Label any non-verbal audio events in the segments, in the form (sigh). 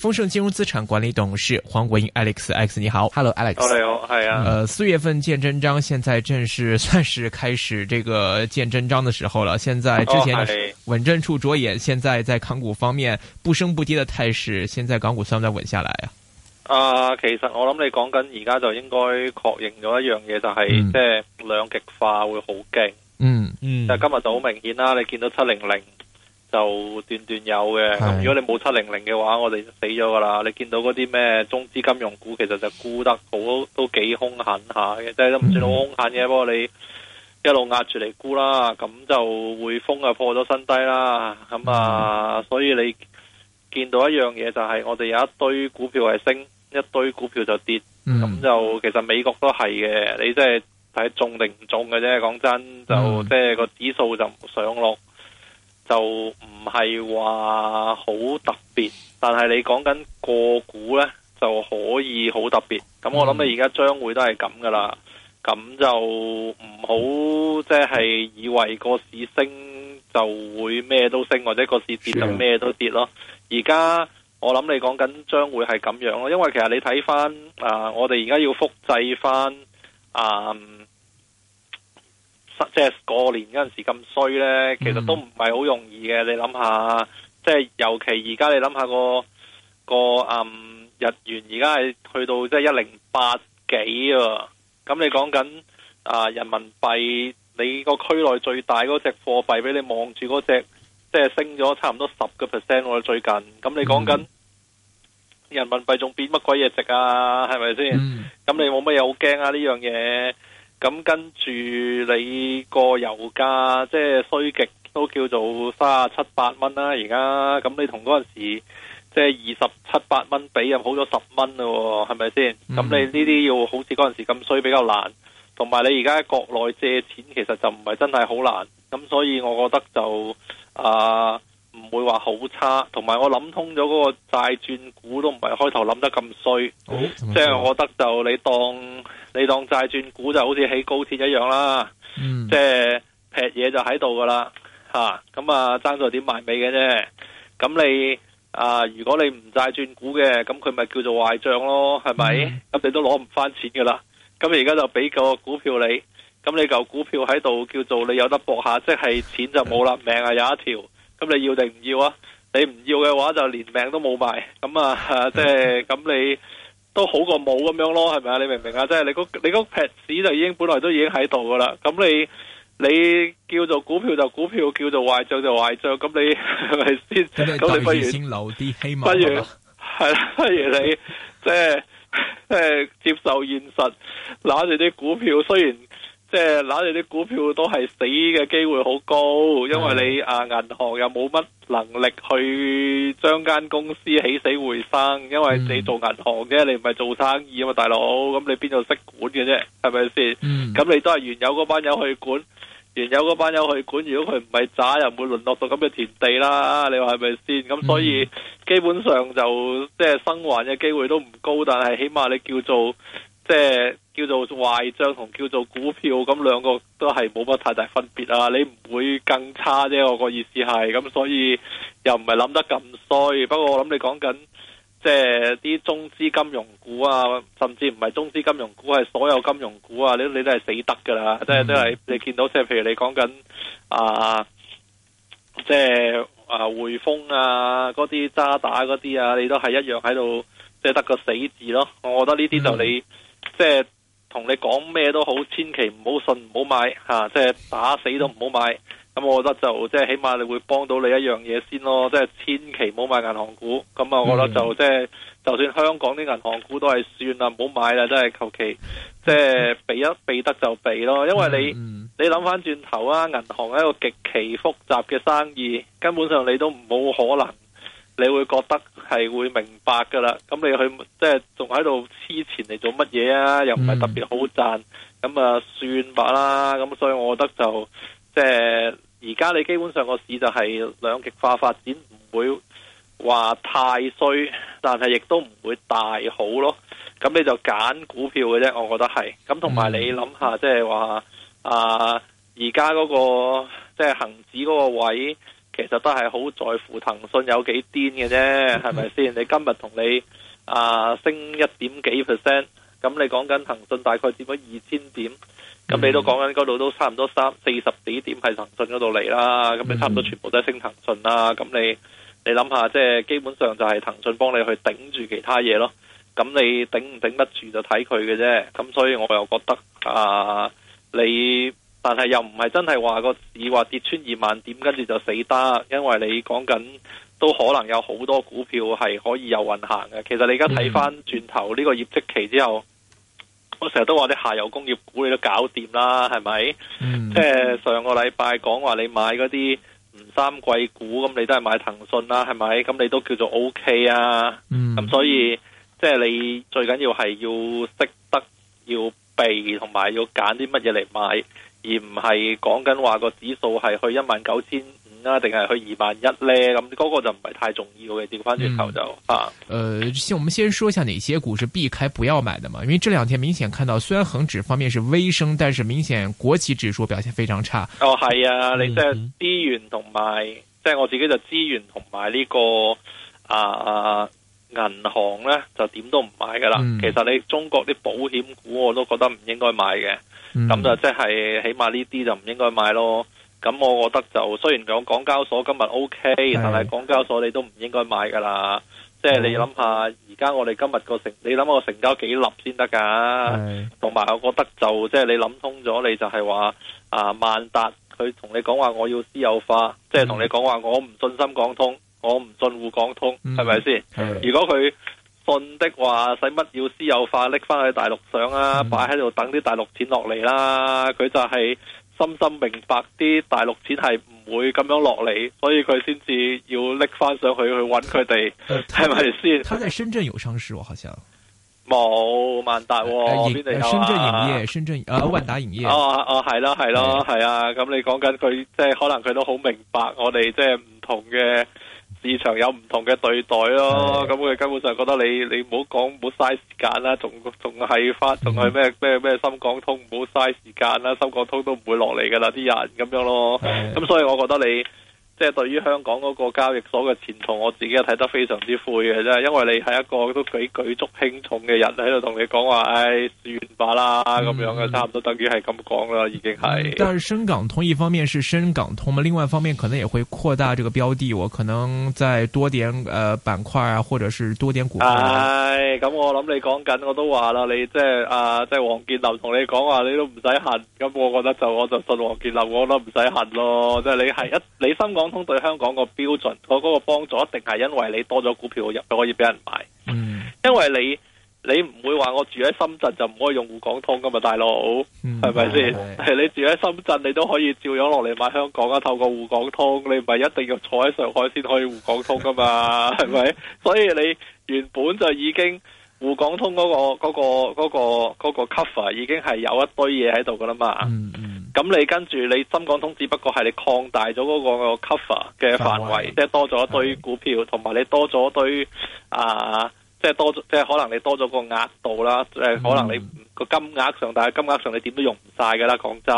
豐盛金融資產管理董事黃國英 Alex，Alex 你好，Hello Alex 你好，係、oh, 啊，呃，四月份見真章，現在正式算是開始這個見真章的時候了。現在之前穩陣處着眼，oh, 是現在在港股方面不升不跌的態勢，現在港股算不算穩下來啊？啊，其實我諗你講緊，而家就應該確認咗一樣嘢、就是，嗯、就係即係兩極化會好勁、嗯，嗯嗯，但係今日就好明顯啦，你見到七零零。就段段有嘅，咁如果你冇七零零嘅話，我哋死咗噶啦。你見到嗰啲咩中資金融股，其實就沽得好都幾凶狠下嘅，即係都唔算好凶狠嘅。嗯、不過你一路壓住嚟沽啦，咁就匯豐啊破咗新低啦，咁啊，嗯、所以你見到一樣嘢就係我哋有一堆股票係升，一堆股票就跌，咁、嗯、就其實美國都係嘅，你即係睇中定唔中嘅啫。講真就，嗯、就即係個指數就唔上落。就唔係話好特別，但係你講緊個股呢就可以好特別。咁我諗你而家將會都係咁噶啦。咁就唔好即係以為個市升就會咩都升，或者個市跌就咩都跌咯。而家的我諗你講緊將會係咁樣咯，因為其實你睇翻啊，我哋而家要複製翻啊。呃即係過年嗰陣時咁衰呢，其實都唔係好容易嘅。你諗下，即係尤其而家你諗下、嗰個個、嗯、日元而家係去到即係一零八幾啊！咁你講緊啊人民幣，你個區內最大嗰隻貨幣俾你望住嗰隻，即係升咗差唔多十個 percent 喎最近。咁你講緊、嗯、人民幣仲變乜鬼嘢值啊？係咪先？咁、嗯、你冇乜嘢好驚啊？呢樣嘢。咁跟住你個油價，即、就、係、是、衰極都叫做三十七八蚊啦、啊。而家咁你同嗰陣時即係、就是、二十七八蚊比，又好咗十蚊咯、哦，係咪先？咁、嗯、你呢啲要好似嗰陣時咁衰比較難。同埋你而家喺國內借錢，其實就唔係真係好難。咁所以我覺得就啊。呃唔會話好差，同埋我諗通咗嗰個債轉股都唔係開頭諗得咁衰，哦、即係我覺得就你當你當債轉股就好似起高鐵一樣啦，嗯、即係劈嘢就喺度噶啦吓，咁啊爭咗、啊、點埋尾嘅啫。咁你啊，如果你唔債轉股嘅，咁佢咪叫做壞賬咯，係咪？咁、嗯、你都攞唔翻錢噶啦。咁而家就俾個股票你，咁你嚿股票喺度叫做你有得搏下，即係錢就冇啦，嗯、命啊有一條。咁你要定唔要啊？你唔要嘅話，就連命都冇埋。咁啊，即係咁你都好過冇咁樣咯，係咪啊？你明唔明啊？即係你個你嗰撇屎就已經本來都已經喺度噶啦。咁你你叫做股票就股票，叫做壞賬就壞賬。咁你係咪先，咁你你不如先留啲希望不如，係啦，不如你即係即係接受現實，拿住啲股票雖然。即係攞你啲股票都係死嘅機會好高，因為你啊銀行又冇乜能力去將間公司起死回生，因為你做銀行嘅，你唔係做生意啊嘛，大佬，咁你邊度識管嘅啫，係咪先？咁、嗯、你都係原有嗰班友去管，原有嗰班友去管，如果佢唔係渣，又唔會淪落到咁嘅田地啦。你話係咪先？咁所以基本上就即係生還嘅機會都唔高，但係起碼你叫做。即係叫做壞賬同叫做股票咁兩個都係冇乜太大分別啊！你唔會更差啫，我個意思係咁，所以又唔係諗得咁衰。不過我諗你講緊即係啲中資金融股啊，甚至唔係中資金融股，係所有金融股啊，你你都係死得噶啦，即係都係你見到即係，譬如你講緊啊，即係啊匯豐啊，嗰啲渣打嗰啲啊，你都係一樣喺度，即係得個死字咯。我覺得呢啲就你。嗯即係同你講咩都好，千祈唔好信，唔好買吓，即、啊、係、就是、打死都唔好買。咁我覺得就即係、就是、起碼你會幫到你一樣嘢先咯。即、就、係、是、千祈唔好買銀行股。咁啊，我覺得就即係、嗯就是、就算香港啲銀行股都係算啦，唔好買啦，真係求其即係避一避得就避咯。因為你你諗翻轉頭啊，銀行係一個極其複雜嘅生意，根本上你都唔冇可能。你會覺得係會明白噶啦，咁你去即係仲喺度黐纏嚟做乜嘢啊？又唔係特別好賺，咁啊、嗯、算吧啦。咁所以我覺得就即係而家你基本上個市就係兩極化發展，唔會話太衰，但係亦都唔會大好咯。咁你就揀股票嘅啫，我覺得係。咁同埋你諗下，即係話啊，而家嗰個即係恒指嗰個位。其實都係好在乎騰訊有幾癲嘅啫，係咪先？ (noise) 你今日同你啊、呃、升一點幾 percent，咁你講緊騰訊大概佔咗二千點，咁你都講緊嗰度都差唔多三四十幾點係騰訊嗰度嚟啦，咁你差唔多全部都係升騰訊啦，咁你你諗下，即係基本上就係騰訊幫你去頂住其他嘢咯。咁你頂唔頂得住就睇佢嘅啫。咁所以我又覺得啊、呃，你。但係又唔係真係話個市話跌穿二萬點跟住就死得，因為你講緊都可能有好多股票係可以有運行嘅。其實你而家睇翻轉頭呢個業績期之後，我成日都話啲下游工業股你都搞掂啦，係咪？嗯、即係上個禮拜講話你買嗰啲唔三貴股，咁你都係買騰訊啦，係咪？咁你都叫做 OK 啊。咁、嗯、所以即係你最緊要係要識得要避，同埋要揀啲乜嘢嚟買。而唔係講緊話個指數係去一萬九千五啊，定係去二萬一咧？咁嗰個就唔係太重要嘅。調翻轉頭就吓，誒、嗯，先我們先說一下哪些股是避開不要買的嘛？因為這兩天明顯看到，雖然恒指方面是微升，但是明顯國企指數表現非常差。哦，係啊，你即係資源同埋，嗯、哼即係我自己就資源同埋呢個啊。銀行咧就點都唔買噶啦，嗯、其實你中國啲保險股我都覺得唔應該買嘅，咁、嗯、就即係起碼呢啲就唔應該買咯。咁我覺得就雖然講港交所今日 OK，但係港交所你都唔應該買噶啦。即、就、係、是、你諗下，而家、嗯、我哋今日個成，你諗個成交幾粒先得噶？同埋是我覺得就即係、就是、你諗通咗，你就係話啊萬達佢同你講話我要私有化，即係同你講話我唔信心港通。嗯我唔信滬港通，係咪先？係、係嘅如果佢信嘅話，使乜要私有化，搦翻去大陸上啊？擺喺度等啲大陸錢落嚟啦？佢、嗯、就係深深明白啲大陸錢係唔會咁樣落嚟，所以佢先至要搦翻上去去搵佢哋，係咪先？呃、佢，喺係係佢喺深圳有上市，喎，好似冇萬達喎，哦啊啊、深圳影業、深圳啊萬達影業哦哦係囉係囉係啊，咁你講緊佢，即係可能佢都好明白我哋即係唔同嘅。市場有唔同嘅對待咯，咁佢根本上覺得你你唔好講，唔好嘥時間啦，仲仲係翻，仲係咩咩咩深港通，唔好嘥時間啦，深港通都唔會落嚟噶啦，啲人咁樣咯，咁的、嗯、所以我覺得你。即係對於香港嗰個交易所嘅前途，我自己睇得非常之灰嘅啫。因為你係一個都幾舉足輕重嘅人喺度同你講話，唉、哎，算罷啦咁樣嘅，嗯、差唔多等於係咁講啦，已經係。但係深港通一方面是深港通，咁另外一方面可能也會擴大呢個標的，我可能再多點誒板塊啊，或者是多點股票，啊。係咁、哎嗯，我諗你講緊我都話啦，你即係啊，即係王建林同你講話，你都唔使恨。咁我覺得就我就信王建林，我都唔使恨咯。即係你係一你深港通對香港個標準，我、嗰、嗰個幫助一定係，因為你多咗股票入去可以俾人買，嗯、因為你你唔會話我住喺深圳就唔可以用滬港通噶嘛，大佬係咪先？係、嗯、你住喺深圳，你都可以照樣落嚟買香港啊，透過滬港通，你唔係一定要坐喺上海先可以滬港通噶嘛？係咪？ (laughs) 所以你原本就已經滬港通嗰、嗰個、嗰個、嗰個、嗰個 cover 已經係有一堆嘢喺度噶啦嘛。嗯咁你跟住，你深港通只不過係你擴大咗嗰個 cover 嘅範圍，範圍即係多咗一堆股票，同埋的你多咗一堆啊，即係多，即係可能你多咗個額度啦，即係、嗯、可能你個金額上，但係金額上你點都用唔晒㗎啦，講真。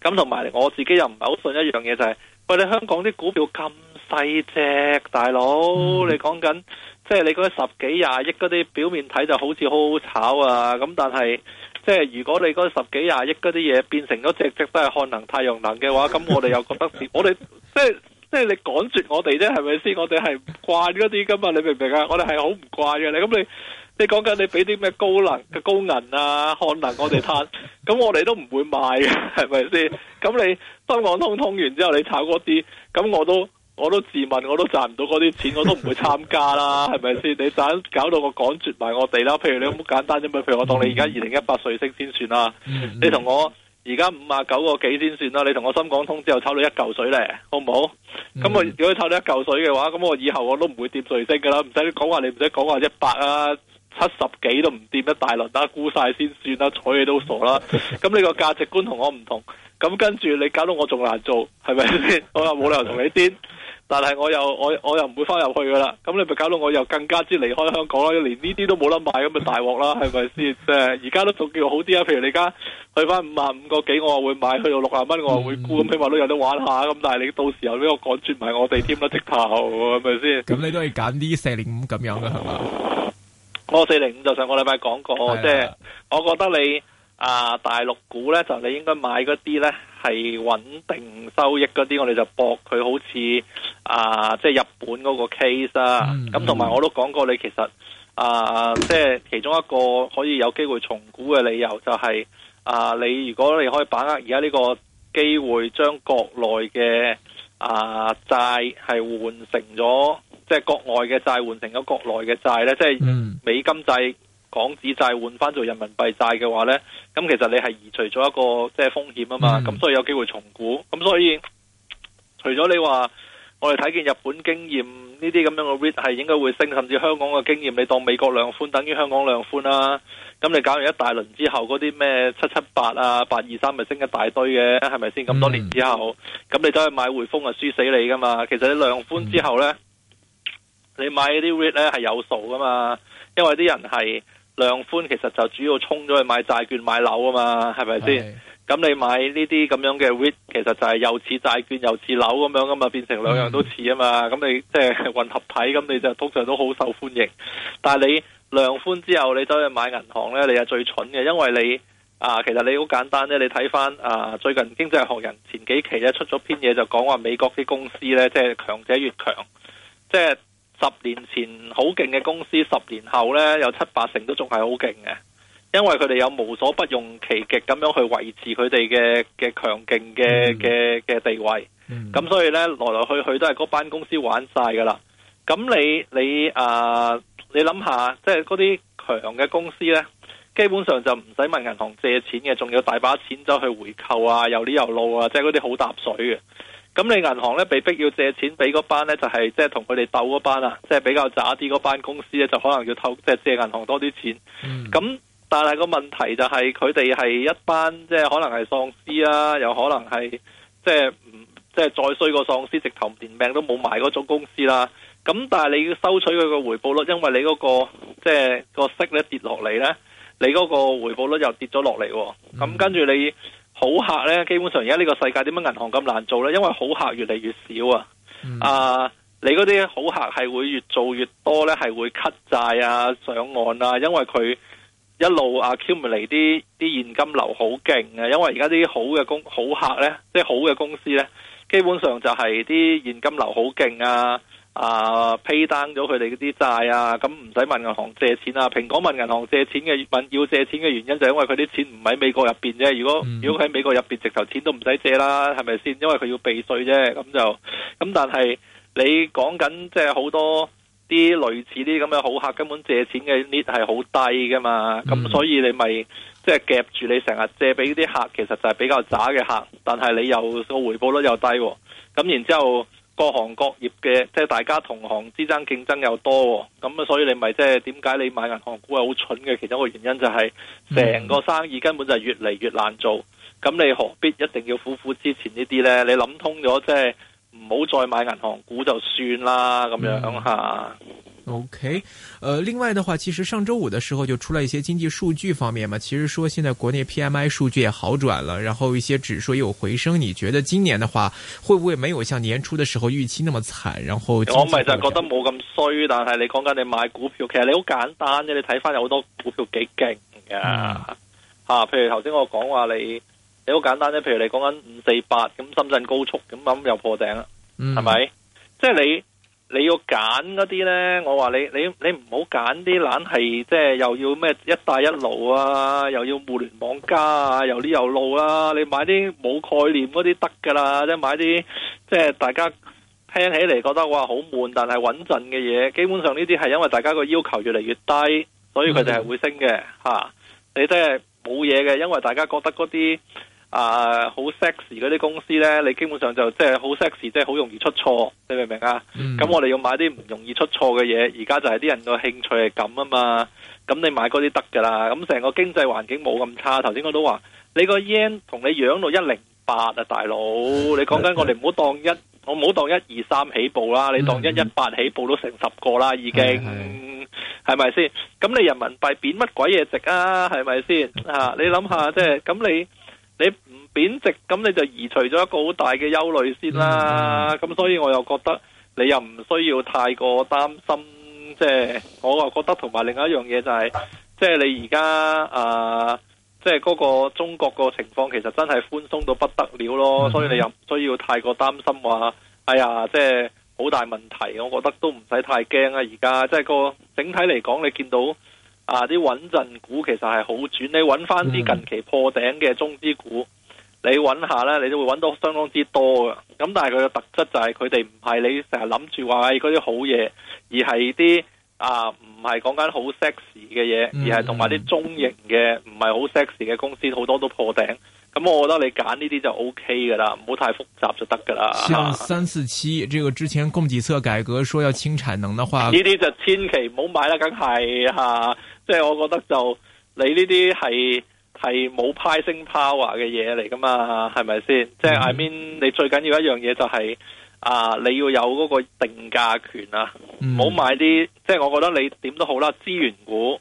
咁同埋我自己又唔係好信一樣嘢就係、是，喂你香港啲股票咁細隻，大佬、嗯、你講緊，即係你嗰十幾廿億嗰啲表面睇就好似好好炒啊，咁但係。即係如果你嗰十幾廿億嗰啲嘢變成咗隻隻都係漢能太陽能嘅話，咁我哋又覺得我哋即係即係你趕絕我哋啫，係咪先？我哋係唔慣嗰啲噶嘛，你明唔明啊？我哋係好唔慣嘅，你咁你你講緊你俾啲咩高能嘅高銀啊、漢能我哋攤，咁我哋都唔會買嘅，係咪先？咁你深港通通完之後你炒嗰啲，咁我都。我都自問，我都賺唔到嗰啲錢，我都唔會參加啦，係咪先？你想搞到我趕絕埋我哋啦？譬如你好簡單啫嘛，譬如我當你而家二零一八稅息先算啦、嗯，你同我而家五啊九個幾先算啦，你同我深港通之後抽到一嚿水咧，好唔好？咁、嗯、我如果抽到一嚿水嘅話，咁我以後我都唔會掂稅息噶啦，唔使你講話，你唔使講話一百啊，七十幾都唔掂一大輪啦、啊，沽晒先算啦，睬你都傻啦。咁你個價值觀同我唔同，咁跟住你搞到我仲難做，係咪先？我又冇理由同你癲。 (laughs) 但係我又我我又唔會翻入去噶啦，咁你咪搞到我又更加之離開香港啦，連呢啲都冇得買，咁咪大鑊啦，係咪先？即係而家都仲叫好啲啊！譬如你而家去翻五啊五個幾，我就會買；去到六十蚊，我就會沽，咁、嗯、起碼都有得玩下。咁但係你到時候俾我趕絕埋我哋添啦，直頭係咪先？咁你都係揀啲四零五咁樣嘅係嘛？我四零五就上個禮拜講過，的即係我覺得你。啊，大陸股咧就你應該買嗰啲咧係穩定收益嗰啲，我哋就搏佢好似啊，即係日本嗰個 case 啦、啊。咁同埋我都講過你，你其實啊，即係其中一個可以有機會重估嘅理由，就係啊，你如果你可以把握而家呢個機會，將國內嘅啊債係換成咗即係國外嘅債，換成咗國內嘅債咧，即係美金債。港紙債換翻做人民幣債嘅話呢，咁其實你係移除咗一個即係、就是、風險啊嘛，咁、嗯、所以有機會重估。咁所以除咗你話我哋睇見日本經驗呢啲咁樣嘅 rate 係應該會升，甚至香港嘅經驗，你當美國量寬等於香港量寬啦、啊。咁你搞完一大輪之後，嗰啲咩七七八啊八二三咪升一大堆嘅，係咪先？咁、嗯、多年之後，咁你走去買匯豐啊，輸死你噶嘛！其實你量寬之後呢，嗯、你買啲 rate 呢係有數噶嘛，因為啲人係。量寬其實就主要沖咗去買債券買樓啊嘛，係咪先？咁是你買呢啲咁樣嘅 REIT，其實就係又似債券又似樓咁樣噶嘛，變成兩樣都似啊嘛。咁的你即係、就是、混合體，咁你就通常都好受歡迎。但係你量寬之後，你走去買銀行呢，你係最蠢嘅，因為你啊，其實你好簡單呢。你睇翻啊，最近經濟學人前幾期咧出咗篇嘢就講話美國啲公司呢，即、就、係、是、強者越強，即、就、係、是。十年前好勁嘅公司，十年後呢有七八成都仲係好勁嘅，因為佢哋有無所不用其極咁樣去維持佢哋嘅嘅強勁嘅嘅嘅地位。咁、嗯嗯、所以呢，來來去去都係嗰班公司玩晒㗎喇。咁你你啊，你諗、呃、下，即係嗰啲強嘅公司呢，基本上就唔使問銀行借錢嘅，仲要大把錢走去回扣啊，有呢有路啊，即係嗰啲好搭水嘅。咁你銀行咧被逼，要借錢俾嗰班咧，就係即係同佢哋鬥嗰班啦，即係比較渣啲嗰班公司咧，就可能要透即係借銀行多啲錢。咁、嗯、但係個問題就係佢哋係一班即係可能係喪屍啦，又可能係即係唔即係再衰過喪屍，直頭連命都冇埋嗰種公司啦。咁但係你要收取佢個回報率，因為你嗰個即係個息咧跌落嚟咧，你嗰個回報率又跌咗落嚟。咁跟住你。嗯好客呢，基本上而家呢個世界點解銀行咁難做呢？因為好客越嚟越少啊！嗯、啊，你嗰啲好客係會越做越多呢，係會 cut 債啊、上岸啊，因為佢一路啊，cumulate 啲啲現金流好勁啊。因為而家啲好嘅公好客呢，即、就、係、是、好嘅公司呢，基本上就係啲現金流好勁啊。啊，pay down 咗佢哋嗰啲債啊，咁唔使問銀行借錢啊。蘋果問銀行借錢嘅問要借錢嘅原因就係因為佢啲錢唔喺美國入邊啫。如果、嗯、如果喺美國入邊直頭錢都唔使借啦，係咪先？因為佢要避稅啫。咁就咁，但係你講緊即係好多啲類似啲咁嘅好客，根本借錢嘅率係好低噶嘛。咁、嗯、所以你咪即係夾住你成日借俾啲客，其實就係比較渣嘅客。但係你又個回報率又低，啊，咁然之後。各行各業嘅即係大家同行之間競爭又多，咁啊所以你咪即係點解你買銀行股係好蠢嘅其中一個原因就係、是、成個生意根本就係越嚟越難做，咁你何必一定要苦苦支持呢啲呢？你諗通咗即係唔好再買銀行股就算啦，咁、mm hmm. 樣吓。OK，、呃、另外的話，其實上周五的時候就出了一些經濟數據方面嘛，其實說現在國內 PMI 數據也好轉了，然後一些指數也有回升。你覺得今年的話，會不會沒有像年初的時候預期那麼慘？然後我咪就是覺得冇咁衰，但係你講緊你買股票，其實你好簡單啫，你睇翻，有好多股票幾勁嘅。啊，啊譬如頭先我講話你，你好簡單啫，譬如你講緊五四八咁深圳高速咁咁又破頂啦，係咪、嗯？即係你。你要揀嗰啲呢？我話你你你唔好揀啲懶係，即係又要咩一帶一路啊，又要互聯網加啊，又呢又路啊，你買啲冇概念嗰啲得㗎啦，即係買啲即係大家聽起嚟覺得哇好悶，但係穩陣嘅嘢。基本上呢啲係因為大家個要求越嚟越低，所以佢哋係會升嘅嚇、嗯啊。你即係冇嘢嘅，因為大家覺得嗰啲。啊，好 sexy 嗰啲公司呢，你基本上就即係、就、好、是、sexy，即係好容易出錯，你明唔明啊？咁、嗯、我哋要買啲唔容易出錯嘅嘢，而家就係啲人個興趣係咁啊嘛。咁你買嗰啲得㗎啦。咁成個經濟環境冇咁差，頭先我都話你個 yen 同你養到一零八啊，大佬。嗯、你講緊我哋唔好當一，嗯、我唔好當一二三起步啦，嗯、你當一一八起步都成十個啦，已經係咪先？咁、嗯嗯、你人民幣貶乜鬼嘢值啊？係咪先？你諗下即係咁你。你唔貶值咁，你就移除咗一個好大嘅憂慮先啦。咁所以我又覺得你又唔需要太過擔心。即係我又覺得同埋另一樣嘢就係，即係你而家誒，即係嗰個中國個情況其實真係寬鬆到不得了咯。所以你又唔需要太過擔心話，哎呀，即係好大問題。我覺得都唔使太驚啊。而家即係個整體嚟講，你見到。啊！啲穩陣股其實係好轉，你搵翻啲近期破頂嘅中資股，嗯、你搵下咧，你都會搵到相當之多噶。咁但係佢嘅特質就係佢哋唔係你成日諗住話嗰啲好嘢，而係啲啊，唔係講緊好 sexy 嘅嘢，嗯、而係同埋啲中型嘅唔係好 sexy 嘅公司，好多都破頂。咁我覺得你揀呢啲就 OK 噶啦，唔好太複雜就得噶啦。像三四七，呢、呢個之前供給側改革說要清產能嘅話，呢啲就千祈唔好買啦，梗係吓。啊即係我覺得就你呢啲係係冇 pricing power 嘅嘢嚟㗎嘛，係咪先？Mm. 即係 I mean，你最緊要的一樣嘢就係、是、啊，你要有嗰個定價權啊，唔好、mm. 買啲。即係我覺得你點都好啦，資源股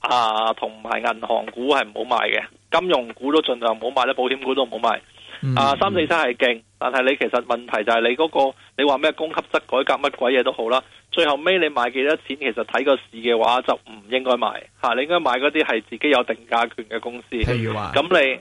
啊同埋銀行股係唔好買嘅，金融股都盡量唔好買，咧保險股都唔好買。Mm. 啊，三四三係勁，但係你其實問題就係你嗰、那個。你話咩供給側改革乜鬼嘢都好啦，最後尾你買幾多錢，其實睇個市嘅話就唔應該買吓、啊，你應該買嗰啲係自己有定價權嘅公司。譬如話，咁你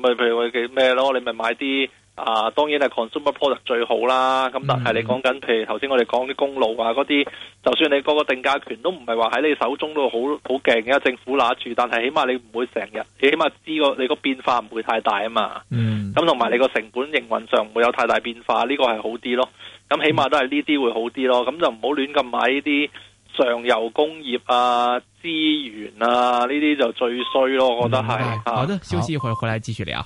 咪譬如佢咩咯，你咪買啲。啊，當然係 consumer product 最好啦。咁但係你講緊，譬如頭先我哋講啲公路啊嗰啲，就算你個個定價權都唔係話喺你手中都好好勁嘅，政府拿住。但係起碼你唔會成日，你起碼知個你個變化唔會太大啊嘛。咁同埋你個成本營運上唔會有太大變化，呢、呢個係好啲咯。咁起碼都係呢啲會好啲咯。咁、嗯、就唔好亂咁買呢啲上游工業啊、資源啊呢啲就最衰咯。嗯、我覺得係。好的，休息一會，回來繼續聊。